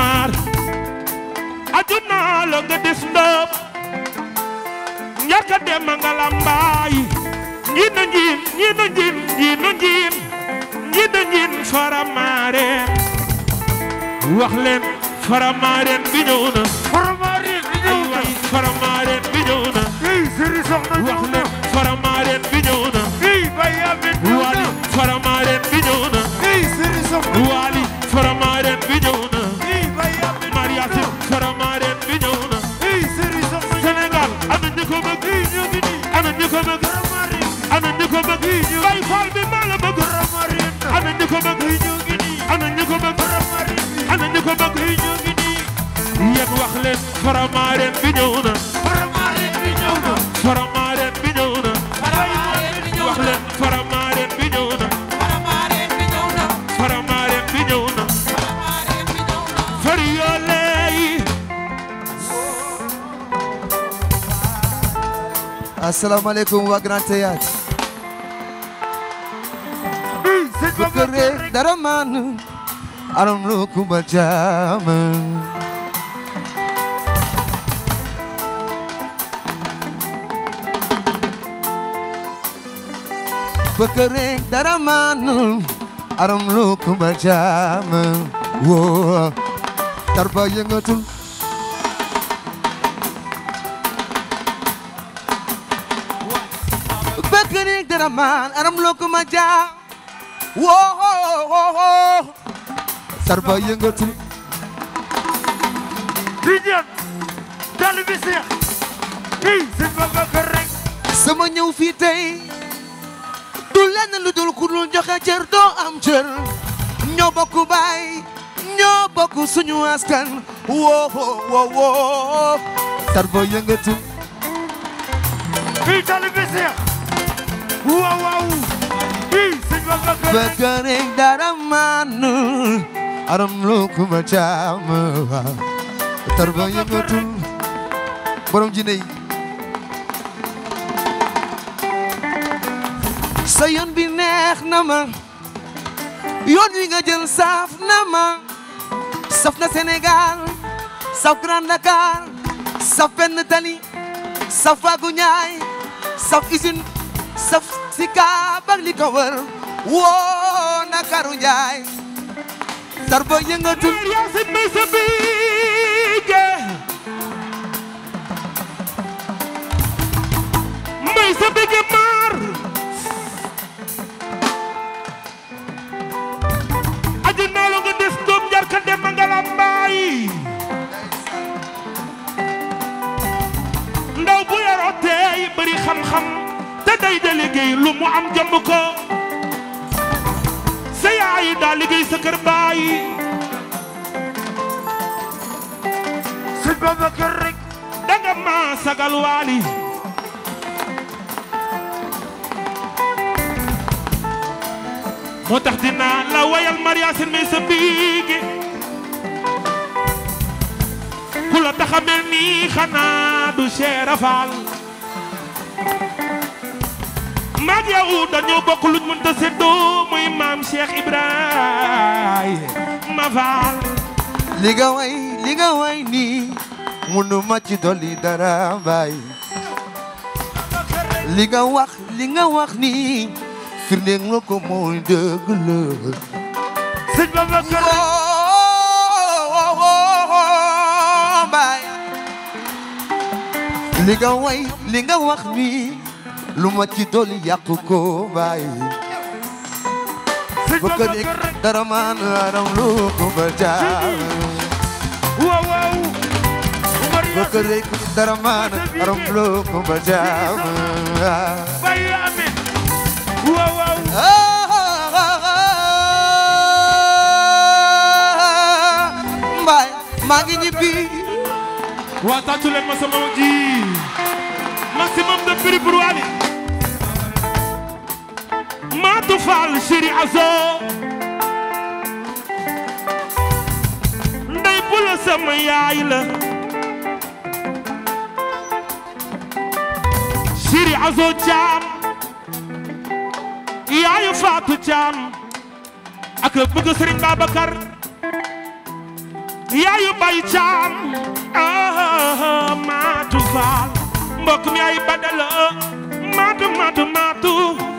maar àdduna la nga des ndëpp ñàkk a dem nga la mbaay na njiin ñi na njiin ñi na njiin ñi na njiin faramaareen wax leen faramaareen bi bi ñëw na faramaareen bi ñëw ko bëgg ñu bay faal bi maa la bëgg ana ñu ko bëgg ñu ngi nii ana ñu ko bëgg ana ñu ko bëgg ñu ngi nii yéen wax leen faramareen bi ñëw na faramareen bi ñëw na faramareen bi ñëw na wax leen faramareen bi ñëw na faramareen bi ñëw na faramareen bi ñëw na fariyoole asalaamaaleykum waa Grand Théâtre Sikukere daramanu Arumlu kubajama Sikukere daramanu Arumlu kubajama Tarbayang atul Bekerik deraman, aram loko majam woo sarba yëngatu di ñaan taalibe Seex hey sëñ Babacar rek sama ñëw fii tey lu dul ku dul joxe cër doo am cër ñoo bokk baay ñoo bokk suñu askan woo woo woo sarba yëngatu hey taalibe Bekening darah manu Aram luku macam Terbayang itu Borong jini Sayon binek nama Yon winga jel saf nama Saf na Senegal Saf Grand Dakar Saf Penetali Saf Agunyai Saf izin. saf si kaabak li ko wër woo njaay sarba yëngatul yaa si bi sa bi jee mbay sa am jomb ko sa yaay daa sa kër baay si Babacar rek danga ma sagal moo tax dinaa la wayal mariasin mi sa ku la taxamel nii xanaa du Cheikh Rafal ak yow dañoo bokk luñ mënta muy maam Cheikh Ibrahima Fall li nga way li nga way nii ma ci dolli dara li nga wax nga wax nii firnde lu ci doli yàqu ko bàyyi bëgg nekk dara man aram lu ko baca? jaar waaw waaw bëgg nekk dara man aram lu ko baca? jaar bàyyi amin waaw waaw mbaay maa ngi ñibbi waa tàccu maximum de prix pour Wally Matou Fall chéri azo ndey bu la sama yaay la caam yaayu Fatou caam ak bëgg Serigne Babacar yaayu Baye caam ah, ah, ah Matou Fall mbokk mi ay badala maatu maatu maatu